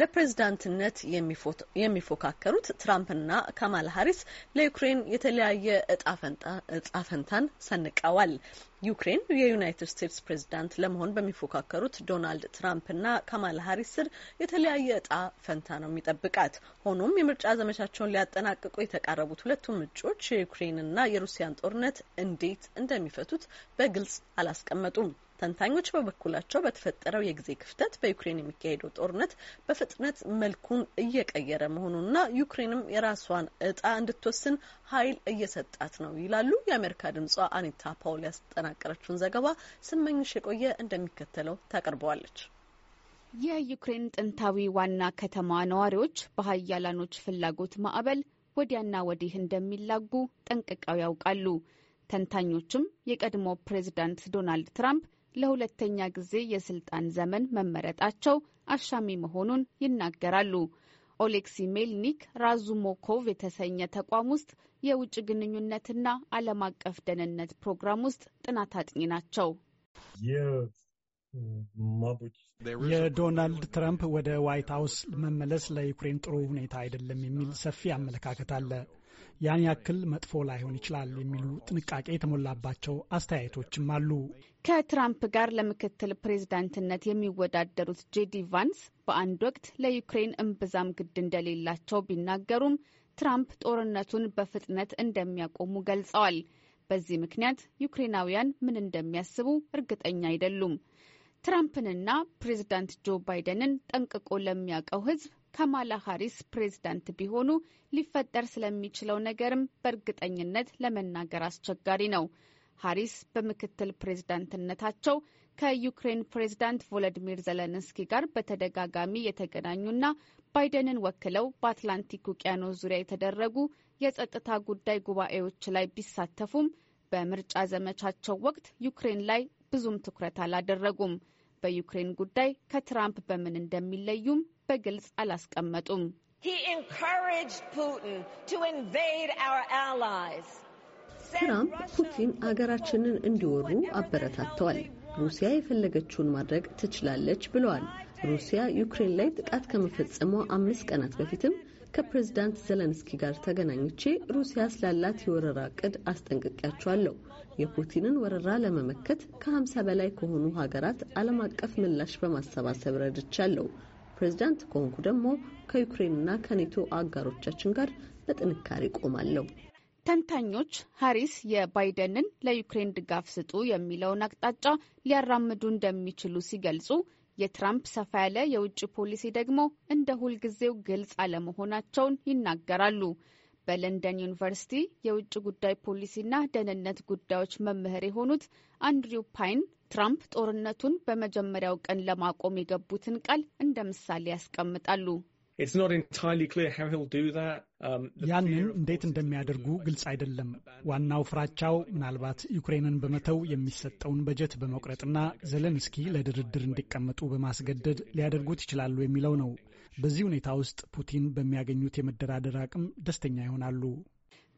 ለፕሬዝዳንትነት የሚፎካከሩት ትራምፕና ካማል ሀሪስ ለዩክሬን የተለያየ እጣ ፈንታን ሰንቀዋል። ዩክሬን የዩናይትድ ስቴትስ ፕሬዝዳንት ለመሆን በሚፎካከሩት ዶናልድ ትራምፕና ካማል ሀሪስ ስር የተለያየ እጣ ፈንታ ነው የሚጠብቃት። ሆኖም የምርጫ ዘመቻቸውን ሊያጠናቅቁ የተቃረቡት ሁለቱም እጩዎች የዩክሬንና የሩሲያን ጦርነት እንዴት እንደሚፈቱት በግልጽ አላስቀመጡም። ተንታኞች በበኩላቸው በተፈጠረው የጊዜ ክፍተት በዩክሬን የሚካሄደው ጦርነት በፍጥነት መልኩን እየቀየረ መሆኑና ዩክሬንም የራሷን እጣ እንድትወስን ኃይል እየሰጣት ነው ይላሉ። የአሜሪካ ድምጿ አኒታ ፓውል ያስጠናቀረችውን ዘገባ ስመኝሽ የቆየ እንደሚከተለው ታቀርበዋለች። የዩክሬን ጥንታዊ ዋና ከተማ ነዋሪዎች በሀያላኖች ፍላጎት ማዕበል ወዲያና ወዲህ እንደሚላጉ ጠንቅቀው ያውቃሉ። ተንታኞችም የቀድሞ ፕሬዝዳንት ዶናልድ ትራምፕ ለሁለተኛ ጊዜ የስልጣን ዘመን መመረጣቸው አሻሚ መሆኑን ይናገራሉ። ኦሌክሲ ሜልኒክ ራዙሞኮቭ የተሰኘ ተቋም ውስጥ የውጭ ግንኙነትና ዓለም አቀፍ ደህንነት ፕሮግራም ውስጥ ጥናት አጥኚ ናቸው። የዶናልድ ትራምፕ ወደ ዋይት ሀውስ መመለስ ለዩክሬን ጥሩ ሁኔታ አይደለም የሚል ሰፊ አመለካከት አለ። ያን ያክል መጥፎ ላይሆን ይችላል የሚሉ ጥንቃቄ የተሞላባቸው አስተያየቶችም አሉ። ከትራምፕ ጋር ለምክትል ፕሬዝዳንትነት የሚወዳደሩት ጄዲ ቫንስ በአንድ ወቅት ለዩክሬን እምብዛም ግድ እንደሌላቸው ቢናገሩም ትራምፕ ጦርነቱን በፍጥነት እንደሚያቆሙ ገልጸዋል። በዚህ ምክንያት ዩክሬናውያን ምን እንደሚያስቡ እርግጠኛ አይደሉም። ትራምፕንና ፕሬዝዳንት ጆ ባይደንን ጠንቅቆ ለሚያውቀው ሕዝብ ካማላ ሀሪስ ፕሬዝዳንት ቢሆኑ ሊፈጠር ስለሚችለው ነገርም በእርግጠኝነት ለመናገር አስቸጋሪ ነው። ሀሪስ በምክትል ፕሬዝዳንትነታቸው ከዩክሬን ፕሬዝዳንት ቮለዲሚር ዘለንስኪ ጋር በተደጋጋሚ የተገናኙና ባይደንን ወክለው በአትላንቲክ ውቅያኖስ ዙሪያ የተደረጉ የጸጥታ ጉዳይ ጉባኤዎች ላይ ቢሳተፉም በምርጫ ዘመቻቸው ወቅት ዩክሬን ላይ ብዙም ትኩረት አላደረጉም። በዩክሬን ጉዳይ ከትራምፕ በምን እንደሚለዩም በግልጽ አላስቀመጡም። ትራምፕ ፑቲን አገራችንን እንዲወሩ አበረታተዋል። ሩሲያ የፈለገችውን ማድረግ ትችላለች ብለዋል። ሩሲያ ዩክሬን ላይ ጥቃት ከመፈጸሟ አምስት ቀናት በፊትም ከፕሬዝዳንት ዘለንስኪ ጋር ተገናኝቼ ሩሲያ ስላላት የወረራ እቅድ አስጠንቅቂያቸዋለሁ። የፑቲንን ወረራ ለመመከት ከ በላይ ከሆኑ ሀገራት ዓለም አቀፍ ምላሽ በማሰባሰብ ረድቻለሁ። ፕሬዝዳንት ከሆንኩ ደግሞ ከዩክሬንና ከኔቶ አጋሮቻችን ጋር በጥንካሬ ቆማለሁ። ተንታኞች ሀሪስ የባይደንን ለዩክሬን ድጋፍ ስጡ የሚለውን አቅጣጫ ሊያራምዱ እንደሚችሉ ሲገልጹ የትራምፕ ሰፋ ያለ የውጭ ፖሊሲ ደግሞ እንደ ሁልጊዜው ግልጽ አለመሆናቸውን ይናገራሉ። በለንደን ዩኒቨርሲቲ የውጭ ጉዳይ ፖሊሲና ደህንነት ጉዳዮች መምህር የሆኑት አንድሪው ፓይን ትራምፕ ጦርነቱን በመጀመሪያው ቀን ለማቆም የገቡትን ቃል እንደ ምሳሌ ያስቀምጣሉ። Um, ያንን እንዴት እንደሚያደርጉ ግልጽ አይደለም። ዋናው ፍራቻው ምናልባት ዩክሬንን በመተው የሚሰጠውን በጀት በመቁረጥና ዘለንስኪ ለድርድር እንዲቀመጡ በማስገደድ ሊያደርጉት ይችላሉ የሚለው ነው። በዚህ ሁኔታ ውስጥ ፑቲን በሚያገኙት የመደራደር አቅም ደስተኛ ይሆናሉ።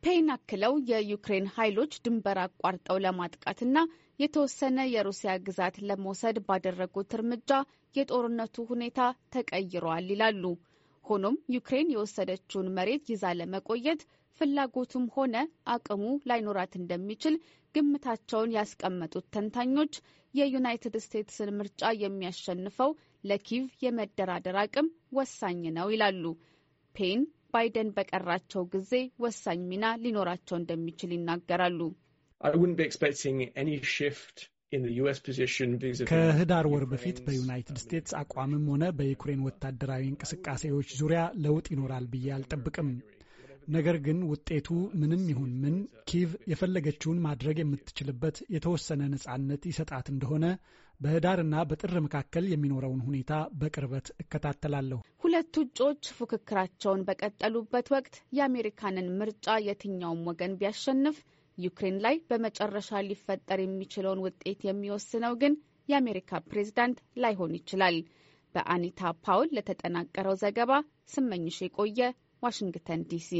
ፔይን አክለው የዩክሬን ኃይሎች ድንበር አቋርጠው ለማጥቃትና የተወሰነ የሩሲያ ግዛት ለመውሰድ ባደረጉት እርምጃ የጦርነቱ ሁኔታ ተቀይሯል ይላሉ። ሆኖም ዩክሬን የወሰደችውን መሬት ይዛ ለመቆየት ፍላጎቱም ሆነ አቅሙ ላይኖራት እንደሚችል ግምታቸውን ያስቀመጡት ተንታኞች የዩናይትድ ስቴትስን ምርጫ የሚያሸንፈው ለኪቭ የመደራደር አቅም ወሳኝ ነው ይላሉ። ፔን ባይደን በቀራቸው ጊዜ ወሳኝ ሚና ሊኖራቸው እንደሚችል ይናገራሉ። I wouldn't be expecting any shift ከህዳር ወር በፊት በዩናይትድ ስቴትስ አቋምም ሆነ በዩክሬን ወታደራዊ እንቅስቃሴዎች ዙሪያ ለውጥ ይኖራል ብዬ አልጠብቅም። ነገር ግን ውጤቱ ምንም ይሁን ምን ኪቭ የፈለገችውን ማድረግ የምትችልበት የተወሰነ ነጻነት ይሰጣት እንደሆነ በህዳርና በጥር መካከል የሚኖረውን ሁኔታ በቅርበት እከታተላለሁ። ሁለቱ እጩዎች ፉክክራቸውን በቀጠሉበት ወቅት የአሜሪካንን ምርጫ የትኛውም ወገን ቢያሸንፍ ዩክሬን ላይ በመጨረሻ ሊፈጠር የሚችለውን ውጤት የሚወስነው ግን የአሜሪካ ፕሬዝዳንት ላይሆን ይችላል። በአኒታ ፓውል ለተጠናቀረው ዘገባ ስመኝሽ የቆየ ዋሽንግተን ዲሲ